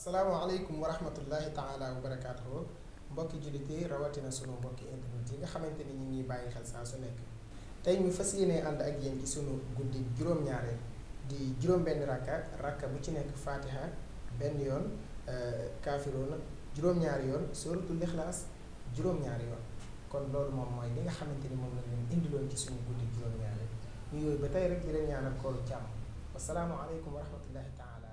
salaamaaleykum wa rahmatullahi taala wa barakaatuhu mbokki jullit yi rawatina sunu mbokki internet yi nga xamante ni ñu ngi bàyyi xel saa su nekk tey ñu fas yéene ànd ak yéen ci sunu guddi juróom di juróom-benn rakka rakka bu ci nekk fatiha benn yoon euh, kaafiroona juróom-ñaari yoon suratul ixlaas juróom-ñaari kon loolu moom mooy li nga xamante ni moom la leen indiloon ci suñu guddi juróom-ñaareel ñu yooyu ba tey rek di leen ñaanal kooru jàmm wasalaamualeykum wa rahmatullahi taala